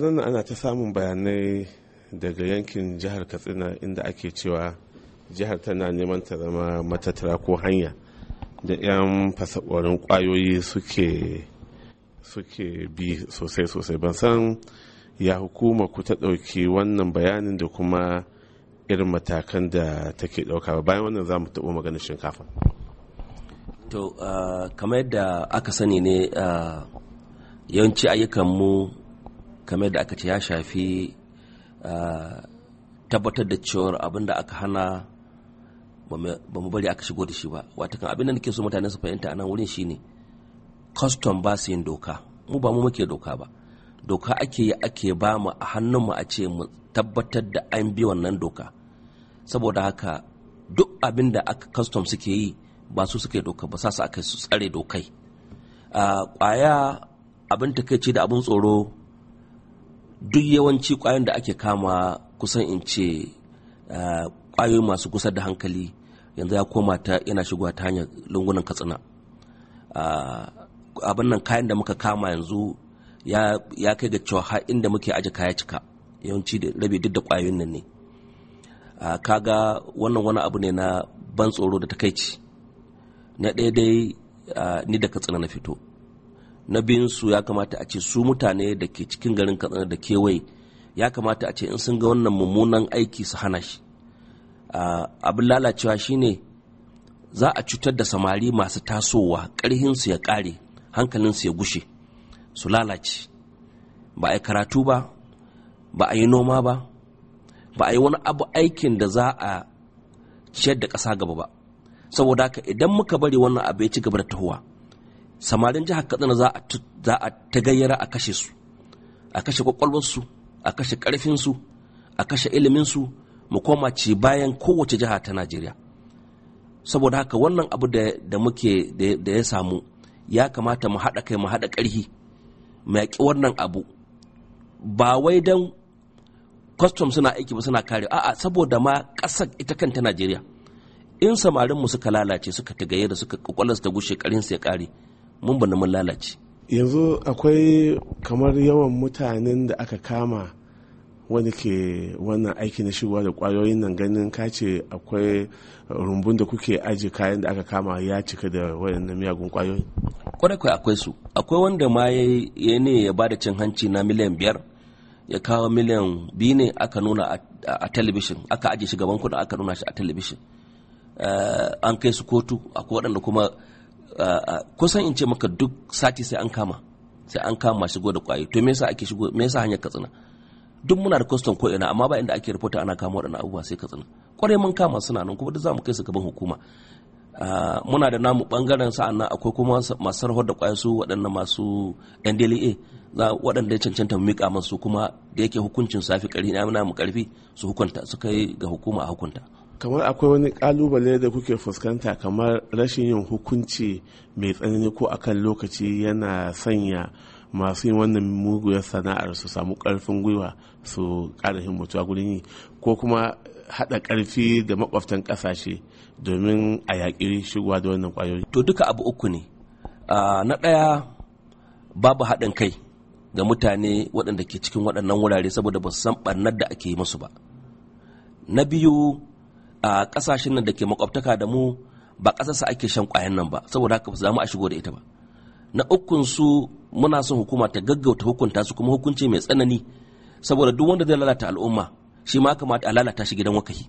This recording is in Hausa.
nan ana ta samun bayanai daga yankin jihar katsina inda ake cewa jihar tana neman ta zama matattara ko hanya da 'yan fasakorin kwayoyi suke bi sosai sosai ban san ya hukuma ku ta ɗauki wannan bayanin da kuma irin matakan da take ɗauka ba bayan wannan za mu taɓo maganin shinkafa to ah, kamar yadda aka sani ne ah, yawanci ayyukanmu kamar da aka ce ya shafi ah, tabbatar da cewar abin da aka hana ba mu bari aka shigo da shi ba watakan abin da nake so mutane su fahimta a nan wurin shine custom ba su yin doka mu ba mu muke doka ba doka ake yi ake ba mu a hannunmu a ce mu tabbatar da an bi wannan doka saboda haka duk abin da aka custom suke yi ba su suke doka ba sa su aka su tsare dokai a ah, kwaya abin ta takaici da abin tsoro duk yawanci kwayoyin da ake kama kusan in ce kwayoyi masu kusa da hankali yanzu ya koma ta yana shigowa ta hanyar lungunan katsina abin nan kayan da muka kama yanzu ya kai ga cewa har inda muke ajiye kaya cika yawanci da rabe duk da kwayoyin nan ne kaga wannan wani abu ne na ban tsoro da takaici na ɗaya dai ni da katsina na fito na biyunsu ya kamata a ce su mutane da ke cikin garin katsina da kewaye ya kamata a ce in sun ga wannan mummunan aiki su hana shi abin lalacewa shine za a cutar da samari masu tasowa ƙarhinsu ya ƙare hankalinsu ya gushe su lalace ba a yi karatu ba ba a yi noma ba ba a yi wani abu aikin da za a ciyar da ƙasa gaba ba saboda haka idan muka bari wannan abu ya ci gaba da tahowa samarin jihar katsina za a ta gayyara a kashe su a kashe kwakwalwarsu a kashe karfinsu a kashe iliminsu mu koma ce bayan kowace jiha ta najeriya saboda haka wannan abu da muke da ya samu ya kamata mu haɗa kai mu haɗa ƙarhi mu yaƙi wannan abu ba wai don kwastom suna aiki ba suna kare a'a saboda ma ƙasar ita kanta najeriya in samarinmu suka lalace suka tagaye da suka kwakwalarsu ta gushe ƙarinsu ya ƙare mun bana mun lalace yanzu akwai kamar yawan mutanen da aka kama wani ke wannan aiki na shigowa da kwayoyin nan ganin kace akwai rumbun da kuke aji kayan da aka kama ya cika da wayannan miyagun kwayoyi kwarai kwai akwai su akwai wanda ma ya ne ya ba da cin hanci na miliyan biyar ya kawo miliyan biyu ne aka nuna a talabishin aka aje shi gaban kuɗi aka nuna shi a talabishin eh, an kai su kotu akwai waɗanda kuma kusan in ce maka duk sati sai an kama sai an kama shigo da kwayoyi to me yasa ake shigo me yasa hanyar katsina duk muna da custom ko ina amma ba inda ake rahoto ana kama waɗannan abubuwa sai katsina kwarai mun kama suna nan kuma duk mu kai su gaban hukuma muna da namu bangaren sa'an nan akwai kuma masu sarhar da kwayoyi su waɗannan masu NDLA za waɗanda ya cancanta mu mika masu kuma da yake hukuncin safi ƙarfi na mu ƙarfi su hukunta su kai ga hukuma a hukunta kamar akwai wani kalubale da kuke fuskanta kamar rashin yin hukunci mai tsanani ko akan lokaci yana sanya masu yin wannan muguyar sana'ar su samu karfin gwiwa su kara himmatuwa gurin yi ko kuma hada karfi da makwabtan kasashe domin a yaƙi shigowa da wannan kwayoyi to duka abu uku ne ah, na ɗaya babu haɗin kai ga mutane waɗanda ke cikin waɗannan wurare saboda ba su san ɓarnar da ake yi musu ba na biyu a kasashen nan da ke makwabtaka da mu ba kasarsa ake shan kwayan nan ba saboda haka za mu a shigo da ita ba na ukun su muna son hukuma ta gaggauta hukunta su kuma hukunci mai tsanani saboda duk wanda zai lalata al'umma shi ma kamata a lalata shi gidan wakahi